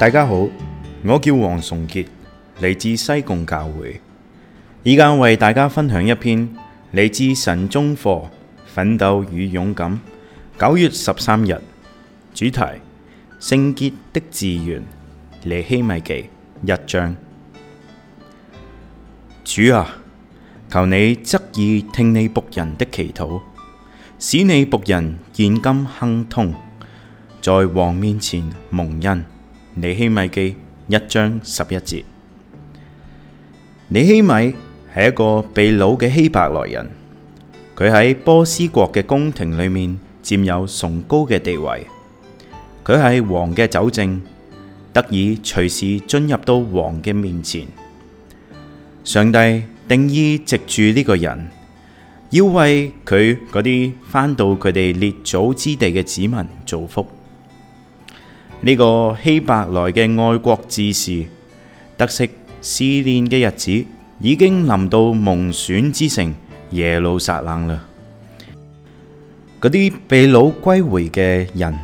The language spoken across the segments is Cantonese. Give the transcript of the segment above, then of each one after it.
大家好，我叫王崇杰，嚟自西貢教會，依家為大家分享一篇嚟自神宗課《奮鬥與勇敢》，九月十三日主題聖潔的志願，尼希米記一章。主啊，求你側耳聽你僕人的祈禱，使你僕人現今亨通，在王面前蒙恩。尼希米記一章十一節。尼希米係一個被擄嘅希伯來人，佢喺波斯國嘅宮廷裏面佔有崇高嘅地位，佢係王嘅酒政，得以隨時進入到王嘅面前。上帝定義藉住呢個人，要為佢嗰啲返到佢哋列祖之地嘅子民造福。呢個希伯來嘅愛國志士，得悉試煉嘅日子已經臨到蒙選之城耶路撒冷啦。嗰啲被擄歸回嘅人，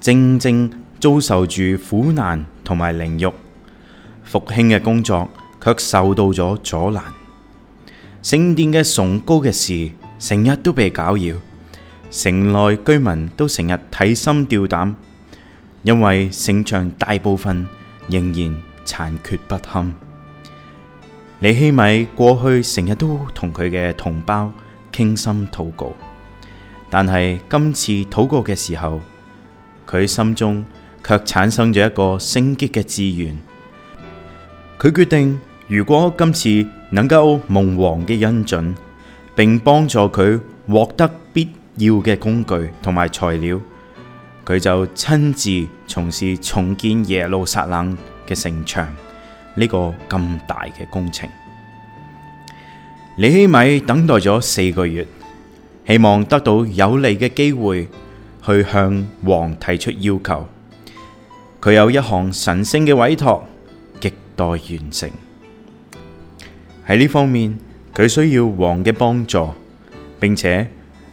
正正遭受住苦難同埋凌辱，復興嘅工作卻受到咗阻攔。聖殿嘅崇高嘅事，成日都被攪擾，城內居民都成日提心吊膽。因為城牆大部分仍然殘缺不堪，尼希米過去成日都同佢嘅同胞傾心禱告，但係今次禱告嘅時候，佢心中卻產生咗一個聖潔嘅志願。佢決定，如果今次能夠蒙王嘅恩准，並幫助佢獲得必要嘅工具同埋材料。佢就親自從事重建耶路撒冷嘅城牆呢個咁大嘅工程。李希米等待咗四個月，希望得到有利嘅機會去向王提出要求。佢有一項神聖嘅委託，亟待完成。喺呢方面，佢需要王嘅幫助，並且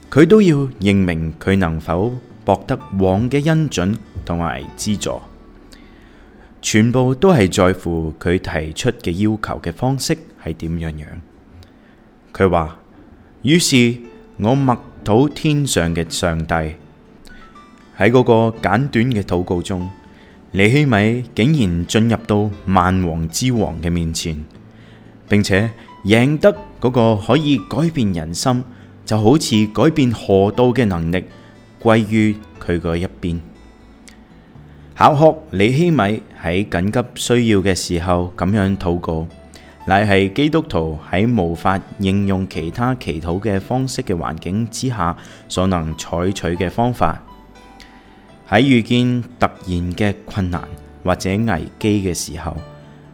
佢都要認明佢能否。博得王嘅恩准同埋資助，全部都係在乎佢提出嘅要求嘅方式係點樣樣。佢話，於是我默禱天上嘅上帝。喺嗰個簡短嘅禱告中，尼希米竟然進入到萬王之王嘅面前，並且贏得嗰個可以改變人心，就好似改變河道嘅能力。位於佢個一邊，考學尼希米喺緊急需要嘅時候咁樣禱告，乃係基督徒喺無法應用其他祈禱嘅方式嘅環境之下所能採取嘅方法。喺遇見突然嘅困難或者危機嘅時候，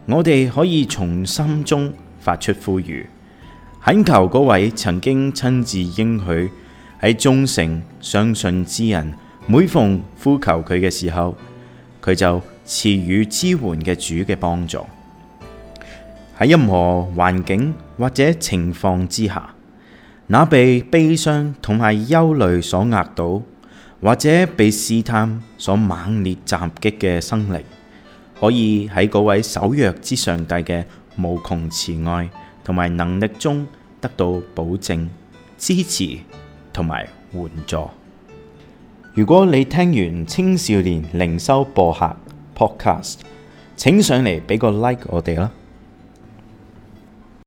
我哋可以從心中發出呼籲，懇求嗰位曾經親自應許。喺忠誠相信之人每逢呼求佢嘅時候，佢就賜予支援嘅主嘅幫助。喺任何環境或者情況之下，那被悲傷同埋憂慮所壓倒，或者被試探所猛烈襲擊嘅生靈，可以喺嗰位守約之上帝嘅無窮慈愛同埋能力中得到保證支持。同埋援助。如果你聽完青少年靈修播客 Podcast，請上嚟畀個 like 我哋啦。